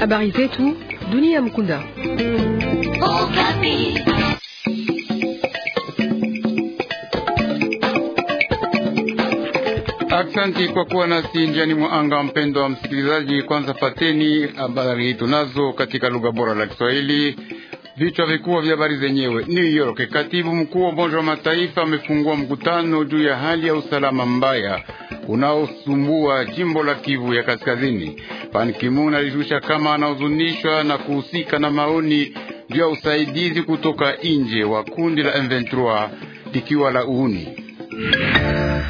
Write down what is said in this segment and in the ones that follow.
Habari zetu dunia Mkunda. Okapi. Aksanti kwa kuwa nasi njiani mwa anga, mpendo wa msikilizaji. Kwanza pateni habari tunazo katika lugha bora la Kiswahili. Vichwa vikubwa vya habari zenyewe. New York, katibu mkuu wa Umoja wa Mataifa amefungua mkutano juu ya hali ya usalama mbaya unaosumbua jimbo la Kivu ya Kaskazini. Ban Ki-moon alishusha kama anahuzunishwa na kuhusika na maoni juu ya usaidizi kutoka nje wa kundi la M23 likiwa la uhuni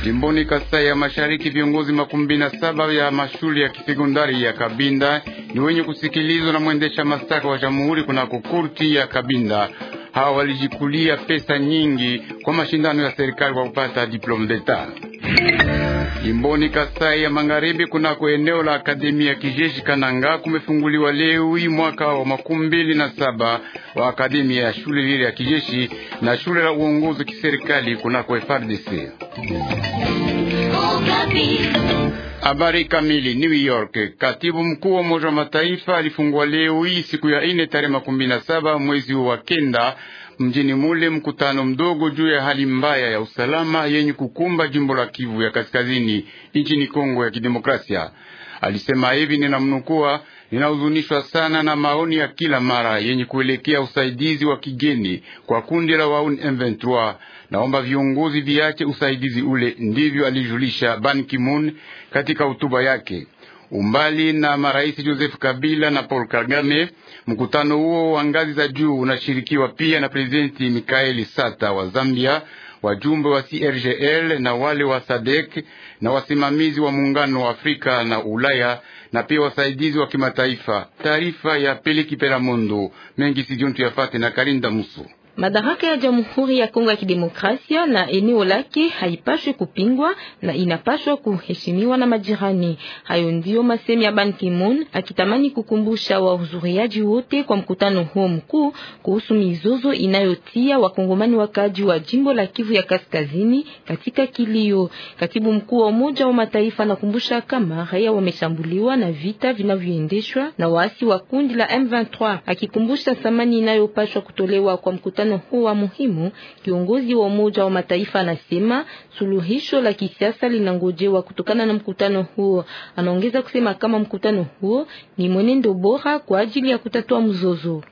Jimboni Kasai ya Mashariki, viongozi makumi na saba ya mashule ya kisekondari ya Kabinda ni wenye kusikilizwa na mwendesha mashtaka wa jamhuri kunako kurti ya Kabinda. Hawa walijikulia pesa nyingi kwa mashindano ya serikali kwa kupata diplome d'etat. Jimboni Kasai ya Magharibi, kunako eneo la akademia ya kijeshi Kananga kumefunguliwa leo hii mwaka wa makumi mbili na saba wa akademia ya shule lile ya kijeshi na shule la uongozi kiserikali kunako FARDC. Habari kamili. New York, katibu mkuu wa Umoja wa Mataifa alifungua leo hii siku ya ine tarehe makumi na saba mwezi wa kenda mjini mule mkutano mdogo juu ya hali mbaya ya usalama yenye kukumba jimbo la Kivu ya kaskazini nchini Kongo ya Kidemokrasia. Alisema hivi, ninamnukua: ninahuzunishwa sana na maoni ya kila mara yenye kuelekea usaidizi wa kigeni kwa kundi la wauni M23. Naomba viongozi viache usaidizi ule. Ndivyo alijulisha Ban Ki-moon katika hotuba yake. Umbali na marais Joseph Kabila na Paul Kagame, mkutano huo wa ngazi za juu unashirikiwa pia na prezidenti Mikaeli Sata wa Zambia, wajumbe wa CRGL na wale wa SADC na wasimamizi wa muungano wa Afrika na Ulaya na pia wasaidizi wa kimataifa. Taarifa ya Peliki pelamondo mengi sijuntu yafate na Karinda Musu. Madaraka ya Jamhuri ya Kongo ya Kidemokrasia na eneo lake haipashwe kupingwa na inapashwa kuheshimiwa na majirani. Hayo ndio masemi ya Ban Ki-moon akitamani kukumbusha wahudhuriaji wote kwa mkutano huo mkuu kuhusu mizozo inayotia wakongomani wakaaji wa jimbo la Kivu ya Kaskazini katika kilio. Katibu mkuu wa Umoja wa Mataifa anakumbusha kama raia wameshambuliwa na vita vinavyoendeshwa na waasi wa kundi la M23, akikumbusha thamani inayopashwa kutolewa kwa mkutano mkutano wa muhimu, kiongozi wa Umoja wa Mataifa anasema suluhisho la kisiasa linangojewa kutokana na mkutano huo. Anaongeza kusema kama mkutano huo ni mwenendo bora kwa ajili ya kutatua mzozo.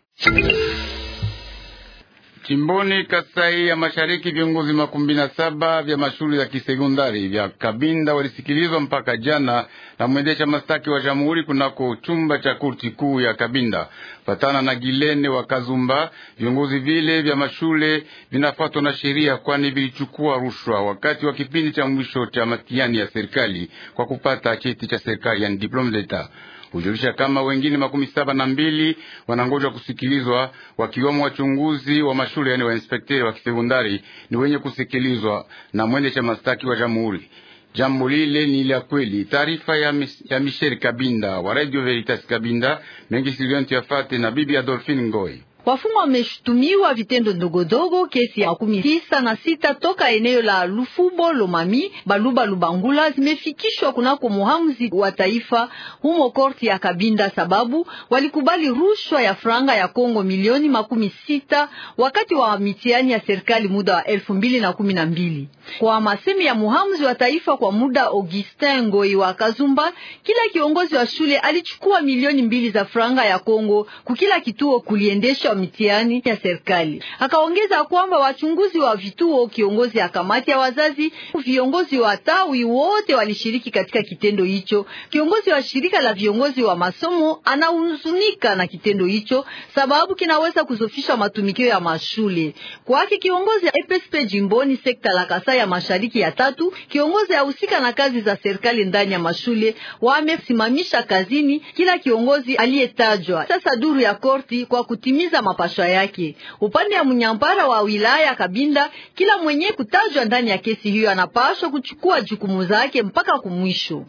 Jimboni Kasai ya Mashariki, viongozi makumi na saba vya mashule ya kisekondari vya Kabinda walisikilizwa mpaka jana na mwendesha mastaki wa jamhuri kunako chumba cha kurti kuu ya Kabinda patana na Gilene wa Kazumba. Viongozi vile vya mashule vinafuatwa na sheria, kwani vilichukua rushwa wakati wa kipindi cha mwisho cha matiani ya serikali kwa kupata cheti cha serikali, yani diplome d'etat hujulisha kama wengine makumi saba na mbili wanangojwa kusikilizwa, wakiwemo wachunguzi wa mashule yani wainspekteri wa kisekondari ni wenye kusikilizwa na mwendesha mastaki wa jamhuri. Jambo lile ni la kweli. Taarifa ya, ya Michel Kabinda wa Radio Veritas Kabinda mengi ya yafate na bibi Adolphine Ngoi. Wafungwa wameshutumiwa vitendo ndogondogo, kesi ya kumi tisa na sita toka eneo la Lufubo Lomami Baluba Lubangula zimefikishwa kunako muhamuzi wa taifa humo korti ya Kabinda sababu walikubali rushwa ya franga ya Kongo milioni makumi sita wakati wa mitihani ya serikali muda wa elfu mbili na kumi na mbili kwa masemi ya muhamuzi wa taifa kwa muda Augustin Ngoi wa Kazumba, kila kiongozi wa shule alichukua milioni mbili za franga ya Kongo kukila kituo kuliendesha mitihani ya serikali. Akaongeza kwamba wachunguzi wa vituo, kiongozi ya kamati ya wazazi, viongozi wa tawi wote walishiriki katika kitendo hicho. Kiongozi wa shirika la viongozi wa masomo anahuzunika na kitendo hicho, sababu kinaweza kuzofisha matumikio ya mashule. Kwake kiongozi ya EPSP jimboni sekta la Kasai ya Mashariki ya tatu, kiongozi ahusika na kazi za serikali ndani ya mashule wamesimamisha kazini kila kiongozi aliyetajwa. Sasa duru ya korti kwa kutimiza mapashwa yake. Upande ya mnyambara wa wilaya Kabinda, kila mwenye kutajwa ndani ya kesi hiyo anapashwa kuchukua jukumu zake mpaka kumwisho.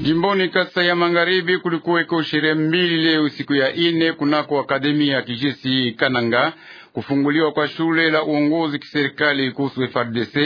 Jimboni Kasa ya Magharibi kulikuweko sherehe mbili leo siku ya ine kunako akademia ya kijeshi Kananga kufunguliwa kwa shule la uongozi kiserikali kuhusu frdc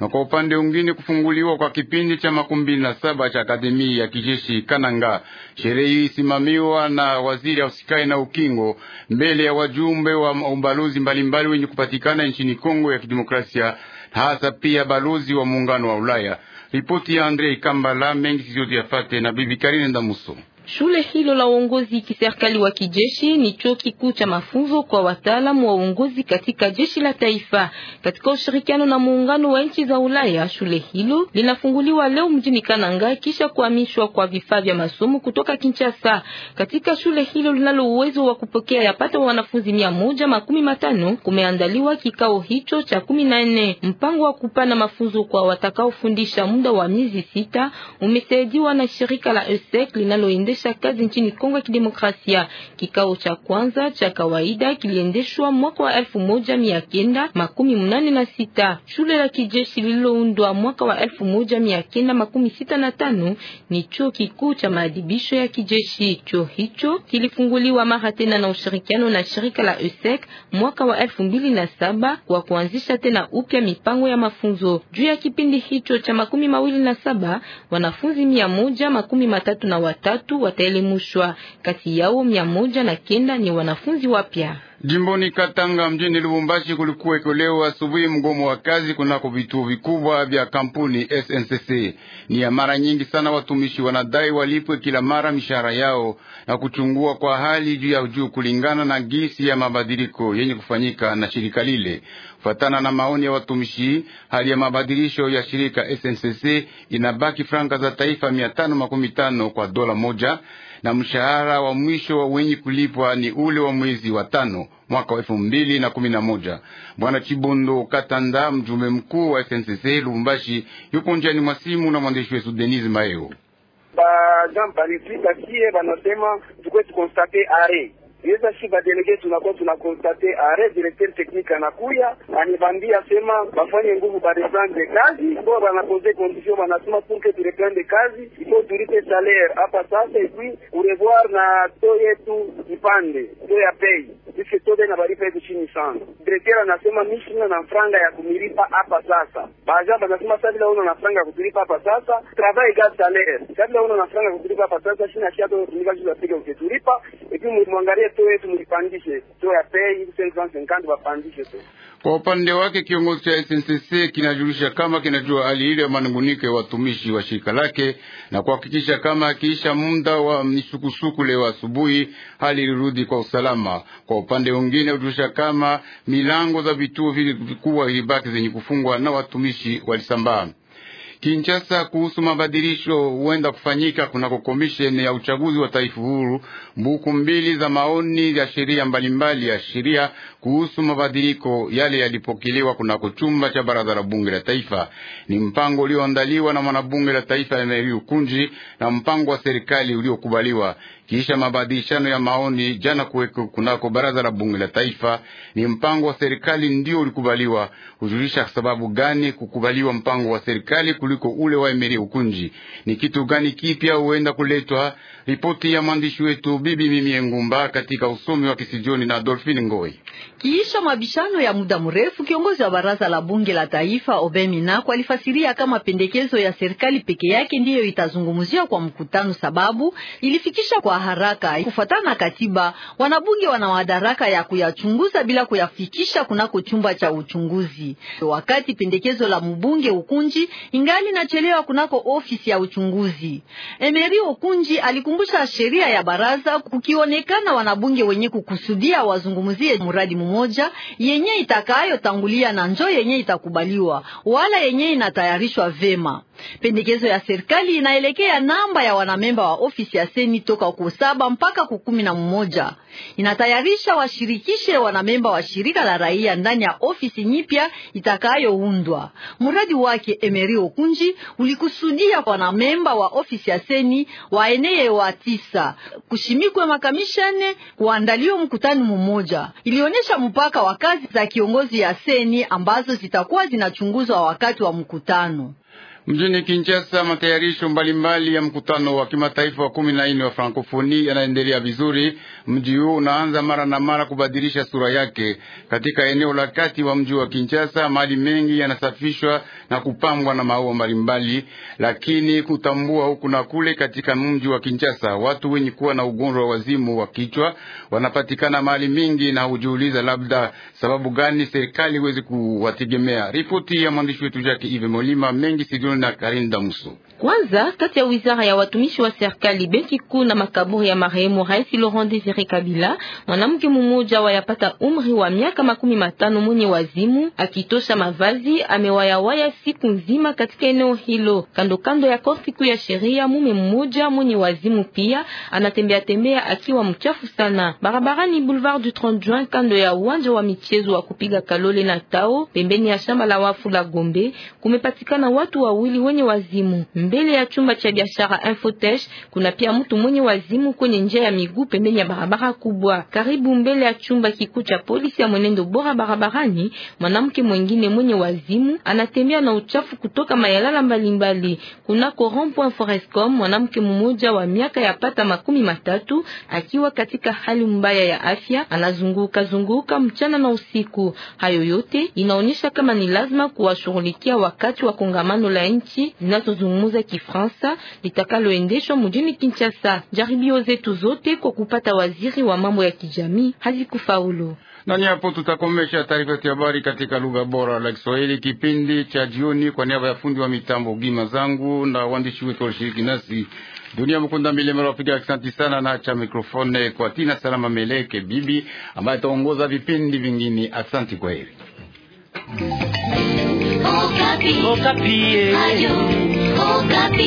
na kwa upande mwingine kufunguliwa kwa kipindi cha makumi mbili na saba cha akademi ya kijeshi Kananga. Sherehe hii isimamiwa na waziri usikai na ukingo mbele ya wajumbe wa ubalozi mbalimbali wenye kupatikana nchini Kongo ya Kidemokrasia, hasa pia balozi wa muungano wa Ulaya. Ripoti ya Andrei Kambala mengi sizote yafate na bibi Karine Ndamuso. Shule hilo la uongozi kiserikali wa kijeshi ni chuo kikuu cha mafunzo kwa wataalamu wa uongozi katika jeshi la taifa katika ushirikiano na muungano wa nchi za Ulaya. Shule hilo linafunguliwa leo mjini Kananga kisha kuhamishwa kwa vifaa vya masomo kutoka Kinshasa. Katika shule hilo linalo uwezo wa kupokea yapata wanafunzi mia moja makumi matano kumeandaliwa kikao hicho cha kumi na nne. Mpango wa kupana mafunzo kwa watakaofundisha muda wa miezi sita umesaidiwa na shirika la ESEC linaloende kuendesha kazi nchini Kongo ya Kidemokrasia. Kikao cha kwanza cha kawaida kiliendeshwa mwaka wa elfu moja mia kenda makumi mnane na sita. Shule la kijeshi lililoundwa mwaka wa elfu moja mia kenda makumi sita na tano ni chuo kikuu cha maadibisho ya kijeshi. Chuo hicho kilifunguliwa mara tena na ushirikiano na shirika la ESEC mwaka wa elfu mbili na saba kwa kuanzisha tena upya mipango ya mafunzo juu ya kipindi hicho cha makumi mawili na saba wanafunzi mia moja makumi matatu na watatu wataelimishwa, kati yao mia moja na kenda ni wanafunzi wapya. Jimboni Katanga mjini Lubumbashi kulikuwa leo asubuhi mgomo wa kazi kunako vituo vikubwa vya kampuni SNCC. Ni ya mara nyingi sana watumishi wanadai walipwe kila mara mishahara yao na kuchungua kwa hali juu ya juu kulingana na gisi ya mabadiliko yenye kufanyika na shirika lile. Kufatana na maoni ya watumishi, hali ya mabadilisho ya shirika SNCC inabaki franka za taifa 515 kwa dola moja na mshahara wa mwisho wa wenye kulipwa ni ule wa mwezi wa tano mwaka wa elfu mbili na kumi na moja. Bwana Chibondo Katanda, mjumbe mkuu wa SNCC Lubumbashi, yupo njiani mwa simu na mwandishi wetu Denis Maeo. Ba, banasema tukwe tukonstate are si badelege tunakuwa tunakonstate are directeur technique anakuya anibambia sema bafanye nguvu bareprendre kazi bo banapose condition banasema purke tureprendre kazi ifo turipe salaire hapa sasa epui kurevoir na to yetu ipande to ya pei piske tobe na baripa yetu chini sana directeur anasema mishina na franga ya kumilipa hapa sasa baza banasema sa vila una na franga ya kutulipa hapa sasa travail ga salaire sa vila una na franga ya kutulipa hapa sasa shina shiato tumika juu ya piga uketulipa mwangalie mlipandishe ya pei wapandishe Kwa upande wake kiongozi cha SNCC kinajulisha kama kinajua hali ile ya manunguniko ya watumishi wa shirika lake na kuhakikisha kama kiisha muda wa misukusuku leo asubuhi hali ilirudi kwa usalama. Kwa upande mwingine, ujulisha kama milango za vituo vile vikubwa vilibaki zenye kufungwa na watumishi walisambaa. Kinshasa kuhusu mabadilisho huenda kufanyika kunako komisheni ya uchaguzi wa taifa huru. Mbuku mbili za maoni ya sheria mbalimbali ya sheria kuhusu mabadiliko yale yalipokelewa kunako chumba cha baraza la bunge la taifa. Ni mpango ulioandaliwa na mwanabunge la taifa Emery Ukunji na mpango wa serikali uliokubaliwa kisha mabadilishano ya maoni jana kuweko kunako baraza la bunge la taifa. Ni mpango wa serikali ndio ulikubaliwa. Hujulisha sababu gani kukubaliwa mpango wa serikali kuliko ule wa Emeri Ukunji? Ni kitu gani kipya huenda kuletwa? Ripoti ya mwandishi wetu bibi Mimi Ngumba katika usomi wa Kisijoni na Dolphine Ngoi. Kiisha mabishano ya muda mrefu, kiongozi wa baraza la bunge la taifa Obeminako alifasiria kama pendekezo ya serikali peke yake ndiyo itazungumziwa kwa mkutano, sababu ilifikisha kwa haraka. Kufuatana na katiba, wanabunge wana madaraka ya kuyachunguza bila kuyafikisha kunako chumba cha uchunguzi. Wakati pendekezo la mbunge Ukunji ingali nachelewa kunako ofisi ya uchunguzi, Emeri Ukunji alikumbusha sheria ya baraza, kukionekana wanabunge wenye kukusudia wazungumzie mradi mmoja yenye itakayotangulia na njoo yenye itakubaliwa wala yenye inatayarishwa vema. Pendekezo ya serikali inaelekea namba ya wanamemba wa ofisi ya seni toka ku saba mpaka ku kumi na mmoja. Inatayarisha washirikishe wanamemba wa shirika la raia ndani ya ofisi nyipya itakayoundwa. Mradi wake Emery Okunji ulikusudia wanamemba wa ofisi ya seni waeneye wa tisa kushimikwe makamishane kuandaliwa mkutano mmoja. Ilionyesha mpaka wa kazi za kiongozi ya seni ambazo zitakuwa zinachunguzwa wakati wa mkutano. Mjini Kinshasa, matayarisho mbalimbali ya mkutano wa kimataifa wa kumi na nne wa Frankofoni yanaendelea vizuri. Mji huu unaanza mara na mara kubadilisha sura yake. Katika eneo la kati wa mji wa Kinshasa, mali mengi yanasafishwa na kupambwa na maua mbalimbali, lakini kutambua huku na kule katika mji wa Kinshasa, watu wenye kuwa na ugonjwa wa wazimu wa kichwa wanapatikana mali mingi, na hujiuliza labda sababu gani serikali huwezi kuwategemea. Ripoti ya mwandishi wetu Jake Ive Molima mengi sidio na Karinda Muso. Kwanza kati ya wizara ya watumishi wa serikali, benki kuu na makaburi ya marehemu Rais Laurent Desire Kabila, mwanamke mmoja wayapata umri wa miaka makumi matano mwenye wazimu akitosha mavazi amewayawaya siku nzima katika eneo hilo kando kando ya korti kuu ya sheria. Mume mmoja mwenye wazimu pia anatembea tembea akiwa mchafu sana barabarani Boulevard du 30 Juin kando ya uwanja wa michezo wa kupiga kalole na tao pembeni ya shamba la wafu la Gombe kumepatikana watu wawili wenye wazimu mbele ya chumba cha biashara Infotech Kuna pia mtu mwenye wazimu kwenye njia ya miguu pembeni ya barabara kubwa, karibu mbele ya chumba kikuu cha polisi ya mwenendo bora barabarani. Mwanamke mwingine mwenye wazimu anatembea na uchafu kutoka mayalala mbalimbali. Kuna korompo Forescom, mwanamke mmoja wa miaka ya pata makumi matatu akiwa katika hali mbaya ya afya, anazunguka zunguka mchana na usiku. Hayo yote inaonyesha kama ni lazima kuwashughulikia wakati wa kongamano la nchi zinazozungumza la Kifaransa litakaloendeshwa mjini Kinshasa. Jaribio zetu zote kwa kupata waziri wa mambo ya kijamii hazikufaulu. Na hapo tutakomesha taarifa ya habari katika lugha bora la Kiswahili kipindi cha jioni. Kwa niaba ya fundi wa mitambo Gima zangu na waandishi wetu walishiriki nasi, Dunia Mkunda Milemera wapiga asante sana, na acha mikrofone kwa Tina Salama Meleke bibi ambaye ataongoza vipindi vingine. Asante, kwa heri. Oh, oh, Okapi.